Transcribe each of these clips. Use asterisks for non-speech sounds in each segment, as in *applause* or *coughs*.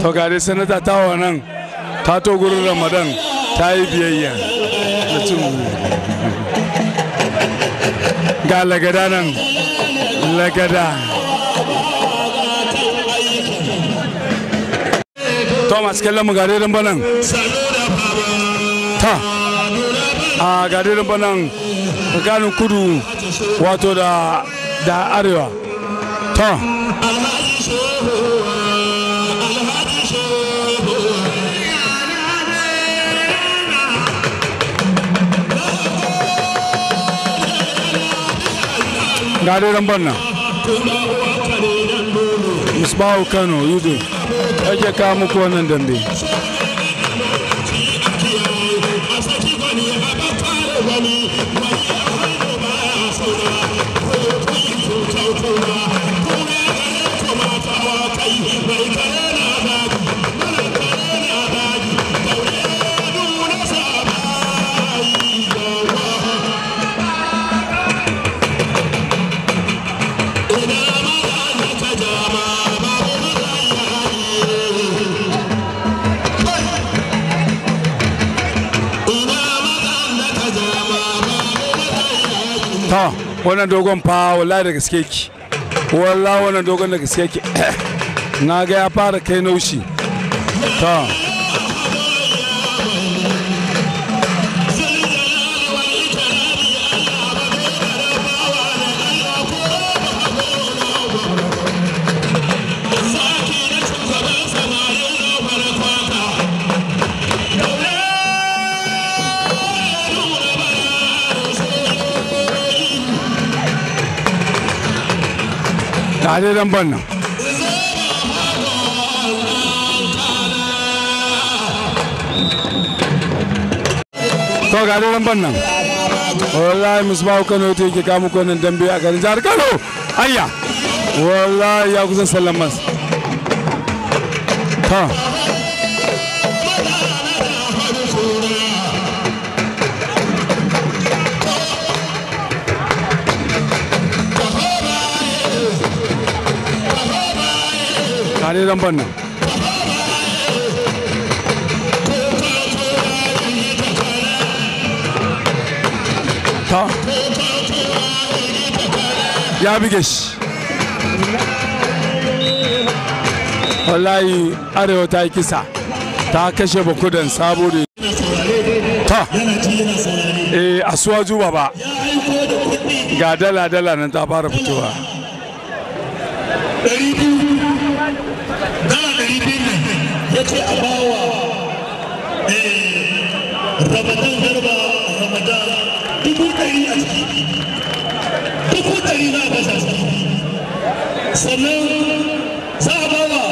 to gare sanata ta wannan ta to gurin ramadan ta yi biyayya da cin ga lagada nan lagada thomas kallon mu gari rumba nan ta a gari rumba nan tsakanin kudu wato da da arewa ta gare ramban nan musbahu kano yudu ake kawo muku wannan dambe Valley. wannan dogon fa wallahi da gaske ki wallahi wannan dogon da gaske ki *coughs* na ga ya fara kai naushi ta a dai dan ban nan to ga dai dan ban nan wallahi musbahu kano ta yake kamu kwanan dambe a garin jihar kano ayya wallahi ya kusan sallan mas Huh. gare lamban nan ta ya bige shi wallahi arewa ta yi kisa ta kashe bakudan sabo ta eh asuwa juba ba ga dala-dala nan ta fara fitowa a bawa eh, ramadan garba ramadan dubu ɗari a ciki dubu ɗari za a basa ciki sannan za a bawa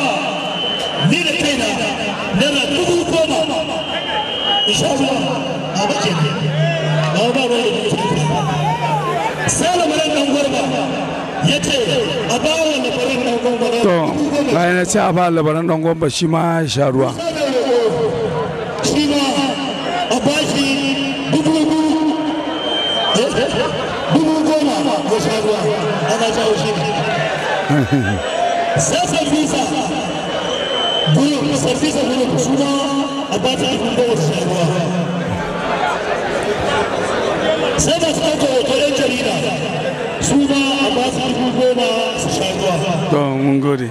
ni da kaina naira dubu goma insha Allah a bace garba ya ce a to gaya na sai a ba labaran dan shi ma ya sha ruwa a ba sai gode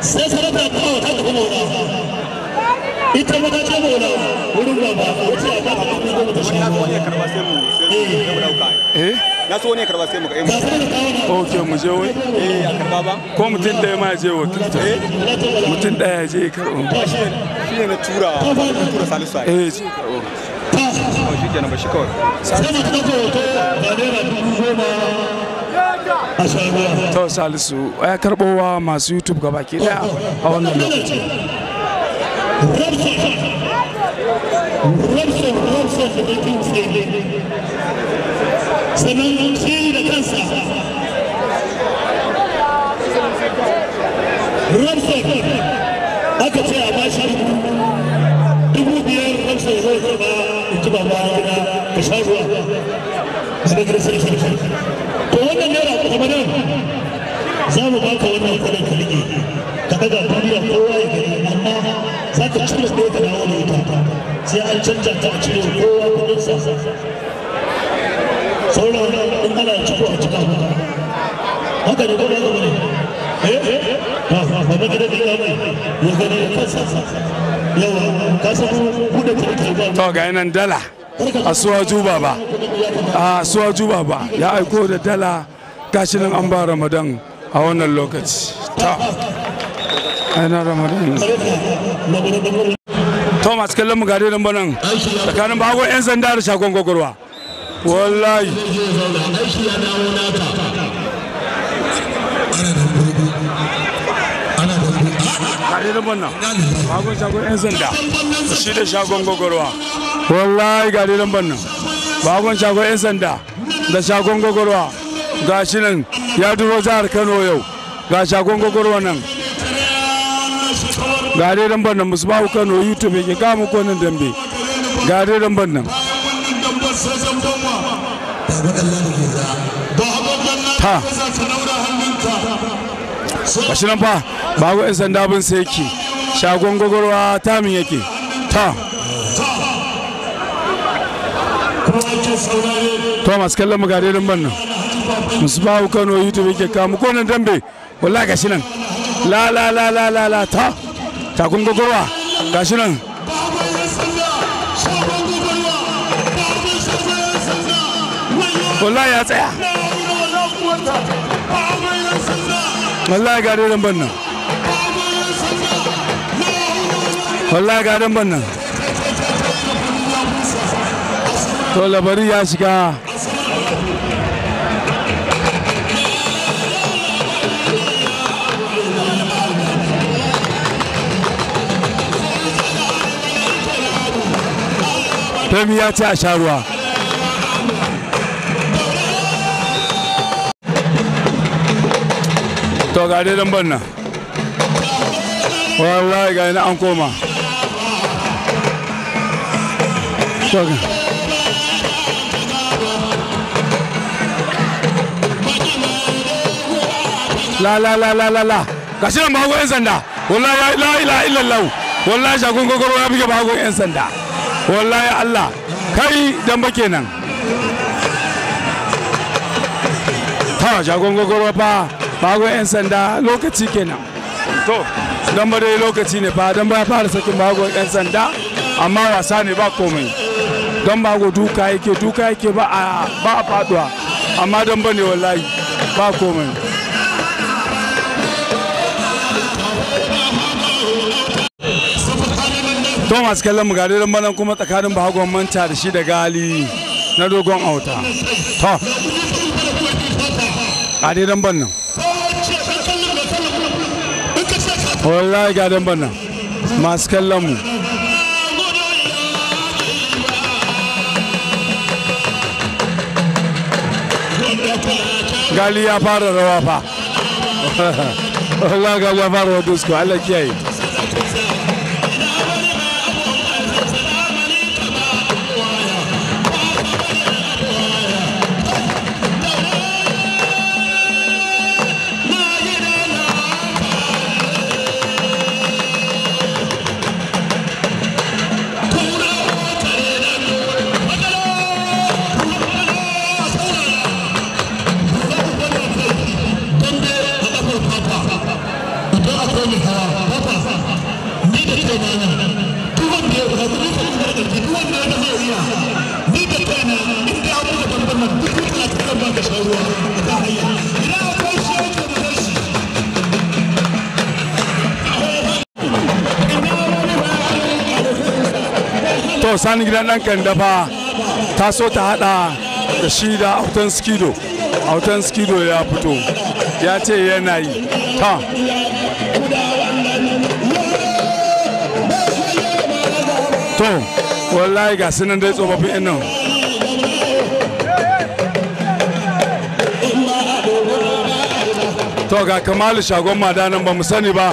sai sarrafa kawo ta tafi maula ita ma ta ce maula wurin baba kuma goma ta shi wani ya karba sai mu sai mu dauka eh na so wani karba sai mu ga mu ok mu je wai eh a karba ba ko mutum ɗaya ma je eh? mutum ɗaya je ya karba shi ne na tura tura salisu eh shi karba oh, shi kenan ba shi kawai sai mu ta hoto ga naira dubu goma to salisu ya karbowa masu youtube gaba ke daya a wannan lokaci sannan shi a bashi dubu biyar sanar sarki to wannan naira kamar nan za mu baka wannan kudin ka rike ka daga duniya kowa ya gani amma za ka cire ɗaya ka dawo da ita sai an canza ta a cire kowa kudin sa sauran in ana ciko a cika haka ne ko ba ka bane to ga nan dala a suwa juba ba a suwa juba ba ya aiko da dala gashi nan an ba ramadan a wannan lokaci ta ainihin ramadan thomas kallon mugade nan banan tsakanin bago 'yan sanda da shagon gwagwarwa wallahi direban nan shagon shagon yan sanda shi da shagon gwagwarwa wallahi ga direban bannan shagon shagon yan sanda da shagon gogorwa ga shi nan ya duro jihar kano yau ga shagon gogorwa nan ga direban bannan musu bawu kano youtube ke kama konin dambe ga bannan ta ga shi nan fa bago yan sanda bin sai yake shagon gwagwarwa tamin yake ta thomas kallon mu gare ban nan musu bawu kano youtube yake kamu ko nan dambe wallahi gashi nan la la la la la la ta takun gwagwarwa gashi nan wallahi ya tsaya wallahi gare ban nan wallahi ga dan bannan to labari ya shiga Femi ya ce a sharuwa. To ga dai dan banna. Wallahi ga an koma. shogun la la la la la la ga shi nan ba hagu yan sanda wallahi la ilaha illallah wallahi shagun gogoro ya buge ba yan sanda wallahi allah kai dan kenan ta shagun gogoro fa ba yan sanda lokaci kenan to dan dai lokaci ne fa dan ya fara sakin ba yan sanda amma wasa ne ba komai don ba go duka yake duka yake ba a ba a faduwa amma don bane wallahi ba komai don masu kallon mugari don banan kuma tsakanin bahagon manta da shi da gali na dogon auta to gari don bannan wallahi gari don bannan masu kallon mu gali ya fara rawa fa Allah *laughs* gali ya fara rawa disco Allah kiyaye nan gidan dan kanda ba ta so ta hada da shi da autan skido autan skido ya fito ya ce yana yi ta to wallahi ga sunan dai tsofaffin yan nan to ga kamalu shagon madanan ba mu sani ba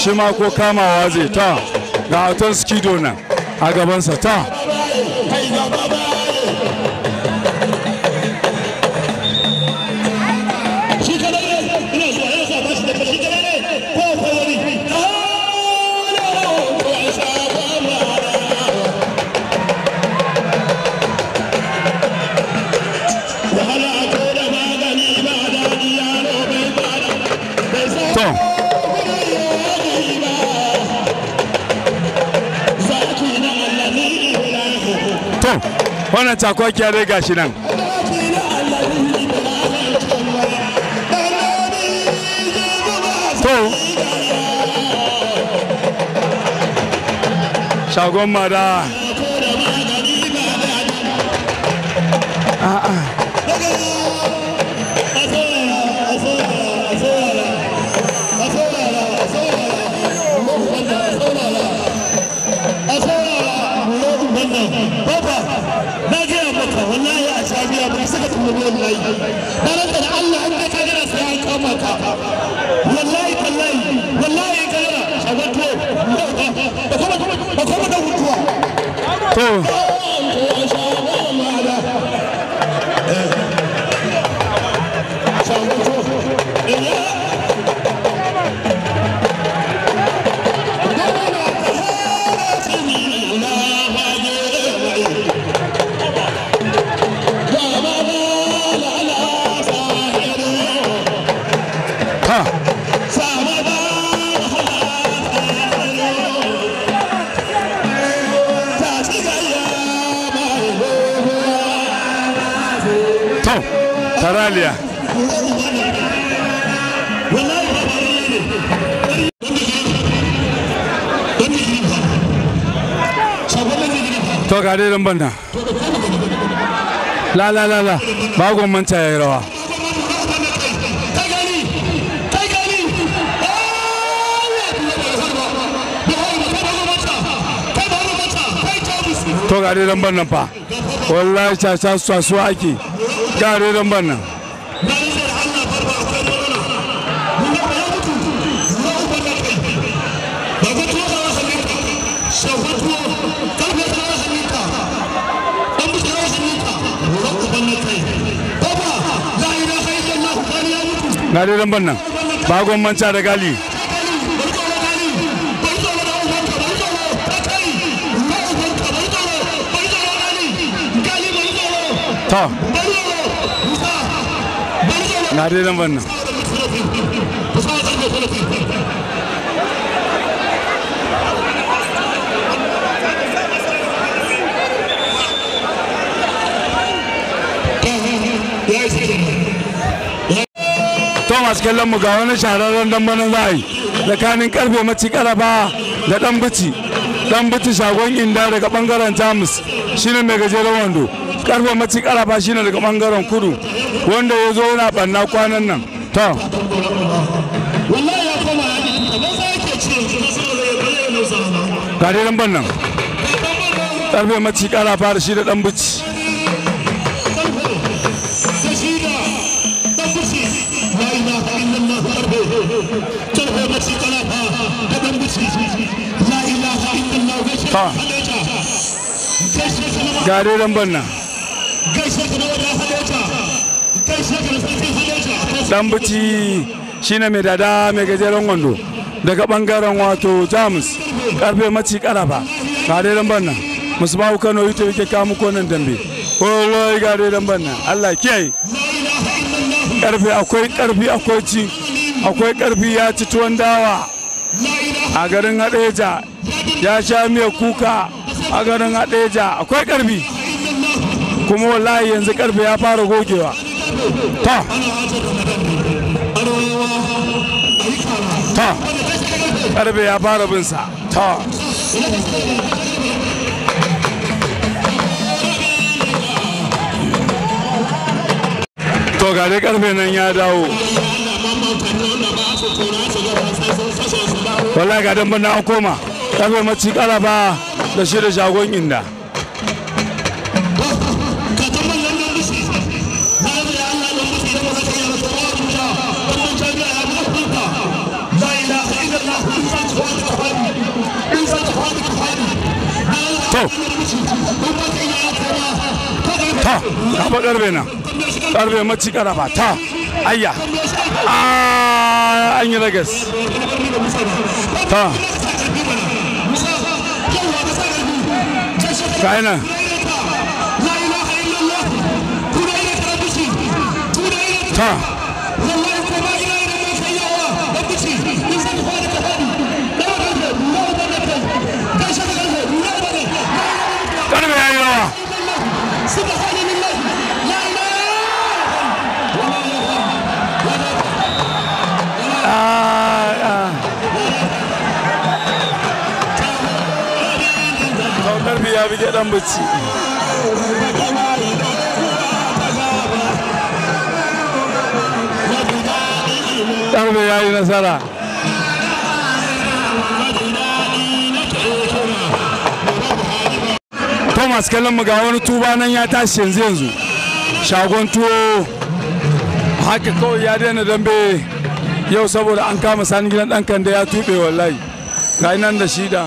shi ma ko kamawa zai ta ga autan skido nan a gabansa ta Ain't nobody. wannan takwakiya dai gashi nan to shagon mada a'a Whoa. dai ban nan la la la la ba gwamnati ya yi rawa to ga dai nan fa wallahi su ake ga dai nan na dai lamban nan bagon manca da gali to na dai lamban nan masu kallon mu ga wani shahararren dan banan za a yi tsakanin karfe maci karaba da dan bici dan bici shagon inda daga bangaren jamus shine mai gajeren wando karfe maci karaba shine daga bangaren kudu wanda ya zo yana banna kwanan nan to dan karfe maci karaba da shi da dan bici gare banna dan bici shine mai dada mai gajeren wando daga bangaren wato jamus karfe maci karafa gare dan banna ba kano ita yake kamu konan dambe kowai gare banna allah kiyaye karfe akwai karfi akwai ci akwai karfi ya ci tuwon dawa a garin hadeja ya sha miya kuka a garin hadeja akwai ƙarfi kuma wallahi yanzu karfe ya fara gogewa ta ta karfe ya fara binsa ta to gare ƙarfe nan ya dawo wallahi ga dan bana koma ƙarfe maci karaba. ba da shi da shagon inda to ta kafa ɗarbe nan ɗarbe maci ƙarafa ta ayya ah, an yi ragas ta شعينه تا تنمي يا الله سبحان الله لا اله الا الله آه. bi je dan bacci Darbe ya yi nasara. Thomas kallon mu ga wani tuba nan ya tashi yanzu yanzu. Shagon tuwo haka kawai ya daina dambe yau saboda an kama sani gidan ɗan kande ya tuɓe wallahi. Ga nan da shida.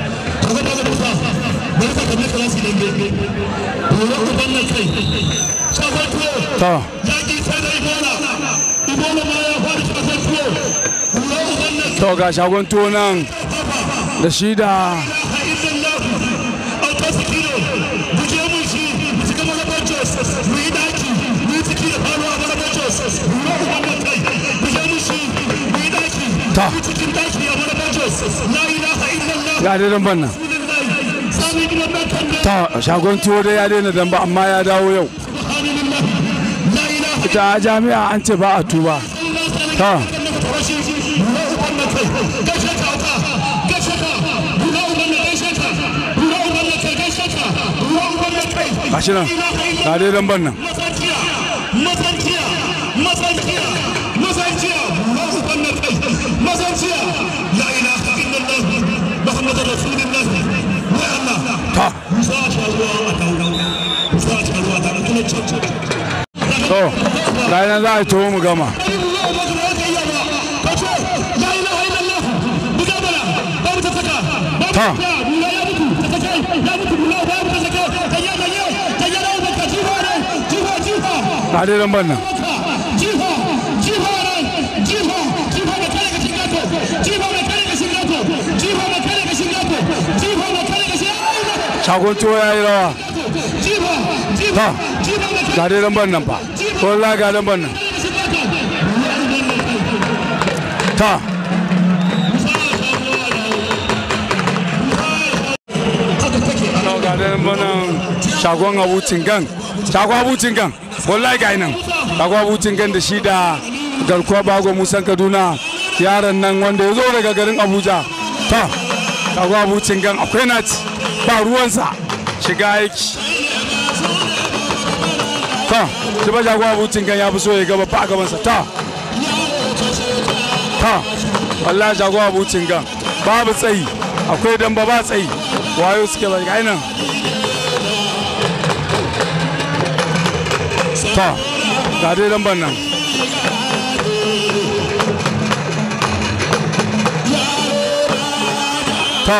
ba to da ga shagon tuwo nan da shi da Ta. Ga dai don ta shagon tuwo dai ya daina damba amma ya dawo yau ita jami'a an ce ba a tuba ta gashi nan ga dai damban nan to ranar za a tuwo mu gama ta na shagon tuwo ya yi rawa ta ga ba kola ga ban nan ta ga ban nan shagon abucin gan shagon abucin gan wallahi ga nan shagon abucin gan da shi da garkuwa bago musan kaduna yaran nan wanda ya zo daga garin abuja ta shagon abucin gan akwai naci ba ruwansa shiga aiki ta shi ba jagowa bucin kan ya fi so ya gaba ba a gabansa ta ta wallahi jagowa bucin kan babu tsayi akwai damba ba tsayi wayo suke ba ga nan ta ga dai damban nan ta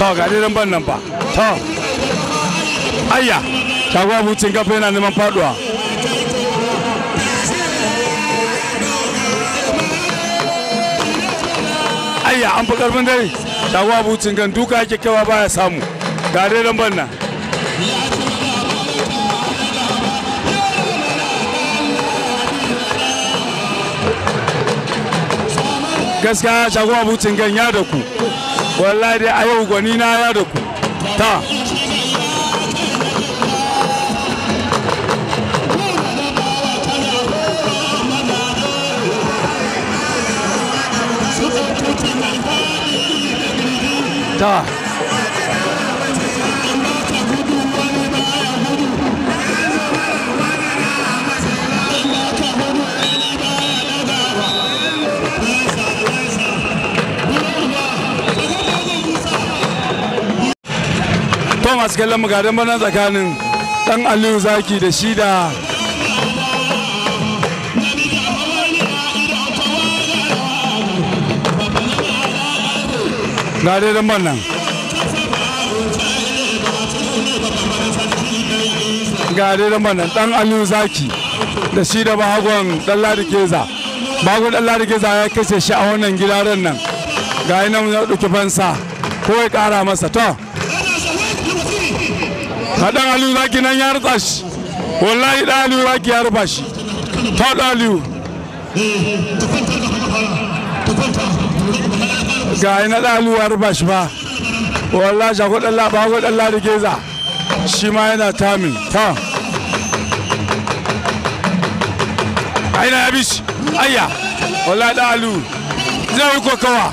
to ga dinan ban nan ba to ayya shagwa bucin kafa yana neman faduwa ayya an fi karfin dare shagwa bucin kan duka yake kewa baya samu ga dinan ban nan gaskiya shagwa bucin kan ya da ku wallahi dai a yau gwani na ya da ku ta ta masu kallon magadan bana tsakanin dan aliyu zaki da shida ga dai dan nan ga dai dan nan dan aliyu zaki da shi da bagon dan ladi keza bagon dan ladi keza ya kashe shi a wannan gidaren nan ga nan ya dauki fansa ko ya kara masa to haɗan aliyu zaki nan ya rutsa shi wallahi da aliyu zaki ya rufa shi ta da aliyu ga yi na da aliyu ya rufa shi ba wallahi shago ɗan laba ko ɗan lari geza shi ma yana tamin ta aina ya bi shi ayya wallahi da aliyu zai yi kokawa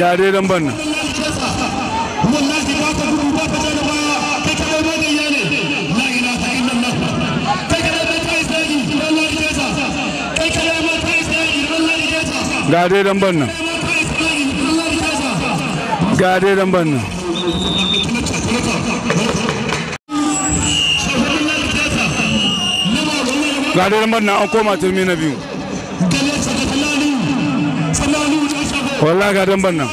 ga dai dan ban ga dai dan ban nan ga dai dan ban nan ga dai dan ban nan an koma turmi na biyu wallahi ga damban nan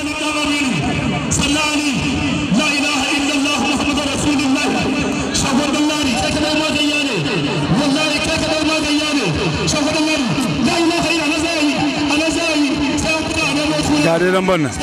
ga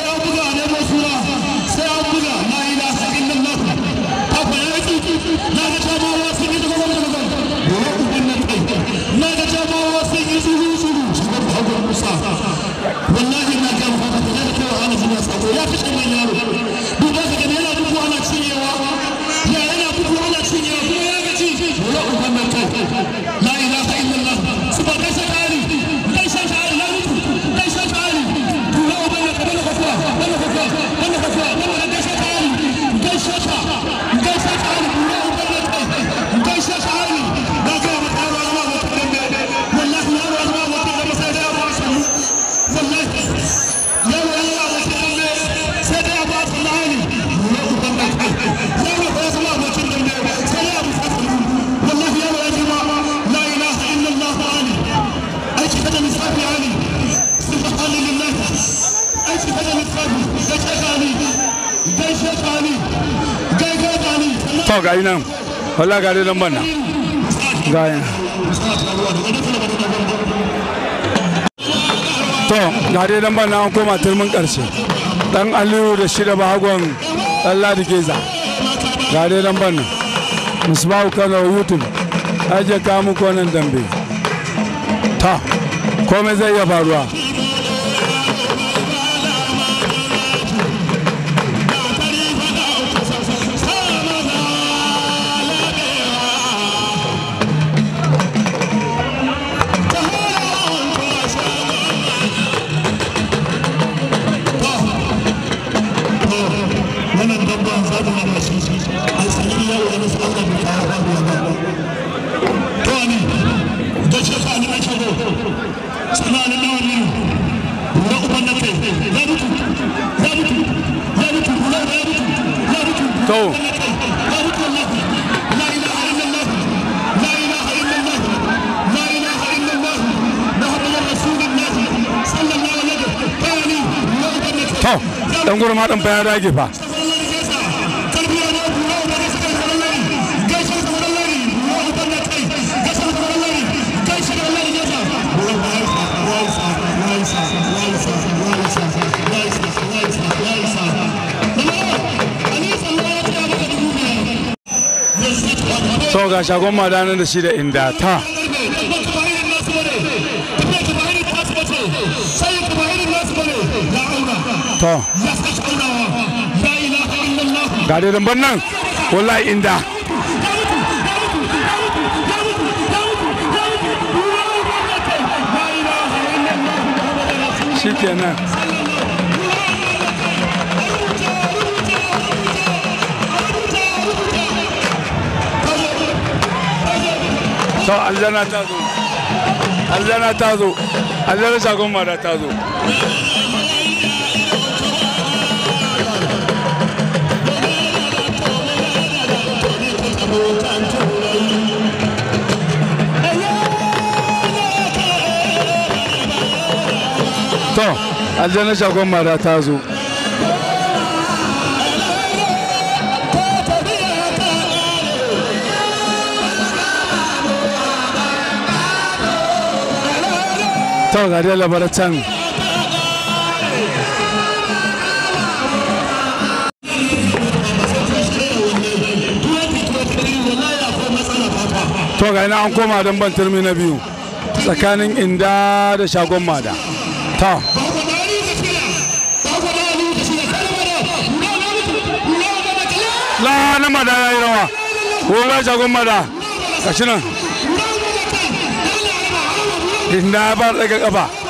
to gari nan wala gari nan banna gari to gari nan banna an koma turmin karshe dan aliyu da shida bahagon dan ladi geza gari nan banna musbahu kano youtube aje ka muku wannan dambe ta komai zai iya faruwa ma dan bayan rage fa to ga shagon da shi da inda ta to ga da damban nan wallahi inda shi kenan to aljana ta zo aljana ta zo aljana shagon mara ta zo to aljanna shagon mara ta zo to ga dai can to ga ina an koma don ban turmi na biyu tsakanin inda da shagon mada ta la na mada ya yi rawa wurin shagon mada ga shi nan inda ba daga kafa